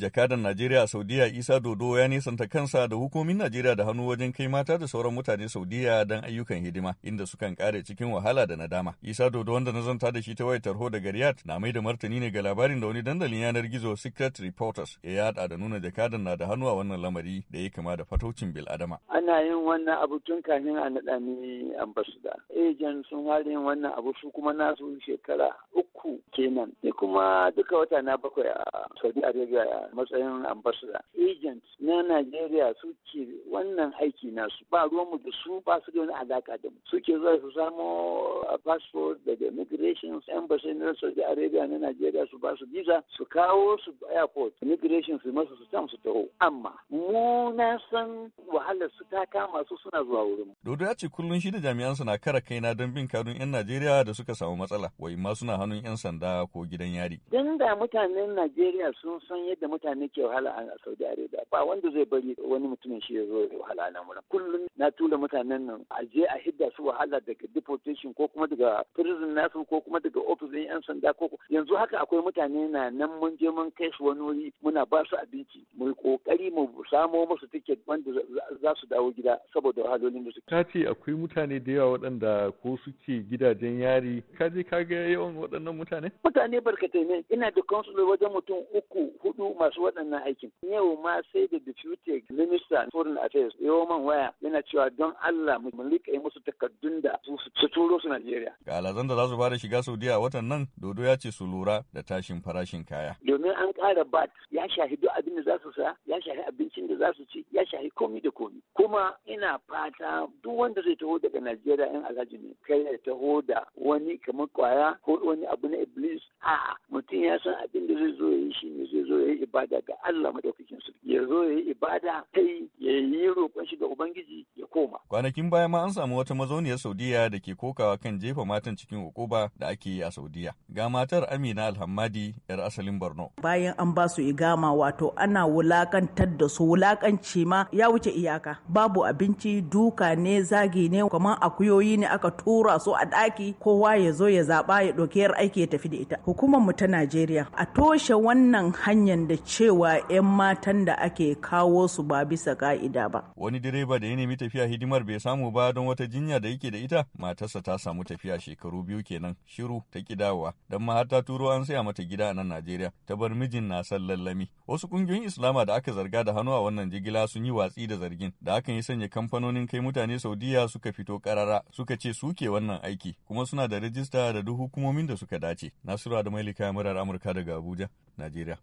jakadan Najeriya a Saudiya Isa Dodo ya nisanta kansa da hukumomin Najeriya da hannu wajen kai mata da sauran mutane Saudiya don ayyukan hidima inda sukan kare cikin wahala da nadama. Isa Dodo wanda na zanta da shi ta wayar tarho daga Riyadh na mai da martani ne ga labarin da wani dandalin yanar gizo Secret Reporters ya yada da nuna jakadan na da hannu a wannan lamari da ya kama da fataucin bil adama. Ana yin wannan abu tun kafin a naɗa ni ambassador. Ejen sun fara wannan abu su kuma nasu shekara uku uku kenan ni kuma duka wata na bakwai a Saudi Arabia matsayin ambassador agent na Najeriya suke wannan aiki nasu ba ruwanmu da su ba su da wani alaka da mu suke zuwa su samo passport daga immigration embassy na Saudi Arabia na Najeriya su ba su visa su kawo su airport immigration su masu su tam su taho amma mu na san wahalar su ta kama su suna zuwa wurin mu. Dodo ya ce kullum shi da jami'an na kara na don bin kadun 'yan Najeriya da suka samu matsala wai ma suna hannun 'yan sanda ko gidan yari. Dan da mutanen Najeriya sun san yadda mutane ke wahala a Saudi Arabia ba wanda zai bari wani mutumin shi ya zo wahala a nan kullum na tura mutanen nan a je a hidda su wahala daga deportation ko kuma daga prison nasu ko kuma daga office ɗin yan sanda ko yanzu haka akwai mutane na nan mun je mun kai su wani wuri muna ba su abinci mu kokari mu samo musu ticket wanda za su dawo gida saboda wahalolin da suke. Ka ce akwai mutane da yawa waɗanda ko suke gidajen yari ka je ka ga yawan waɗannan mutane? Mutane barkatai ne ina da consul wajen mutum uku hudu masu waɗannan aikin yau ma sai da deputy minister foreign affairs yau man waya yana cewa don Allah mu rika musu takardun da su turo su Najeriya ga alazan da za su fara shiga Saudiya watan nan dodo ya ce su lura da tashin farashin kaya domin an ƙara bat ya shahi duk abin da za su sa ya shahi abincin da za su ci ya shahi komi da komi ina fata duk wanda zai taho daga Najeriya in alhaji ne kai ya taho da wani kamar kwaya ko wani abu na iblis a mutum ya san abin da zai zo ya yi shi ne zai zo ya yi ibada ga Allah madaukakin sarki ya zo ya yi ibada kai ya yi ya roƙon shi ga Ubangiji ya koma. Kwanakin baya ma an samu wata mazauniyar Saudiya da ke kokawa kan jefa matan cikin hukuma da ake yi a Saudiya. Ga matar Amina Alhammadi yar asalin Borno. Bayan an ba su igama wato ana wulakantar da su wulakanci ma ya wuce iyaka. Babu abinci duka ne zagi ne kamar akuyoyi ne aka tura su a ɗaki kowa ya zo ya zaɓa ya ɗauki yar aiki ya tafi da ita. Hukumar mu ta Najeriya a toshe wannan hanyar da cewa 'yan matan da ake kawo su ba bisa ka'ida ba. Wani direba da ya nemi tafiya hidimar bai samu ba don wata jinya da yake da ita matarsa ta samu tafiya shekaru biyu kenan shiru ta kidawa don ma har ta turo an saya mata gida a nan Najeriya ta bar mijin na san lallami. Wasu kungiyoyin Islama da aka zarga da hannu a wannan jigila sun yi watsi da zargin da hakan ya sanya kamfanonin kai mutane Saudiya suka fito karara suka ce suke wannan aiki kuma suna da rajista da duk hukumomin da suka dace. Nasiru da Mailika murar Amurka daga Abuja, Najeriya.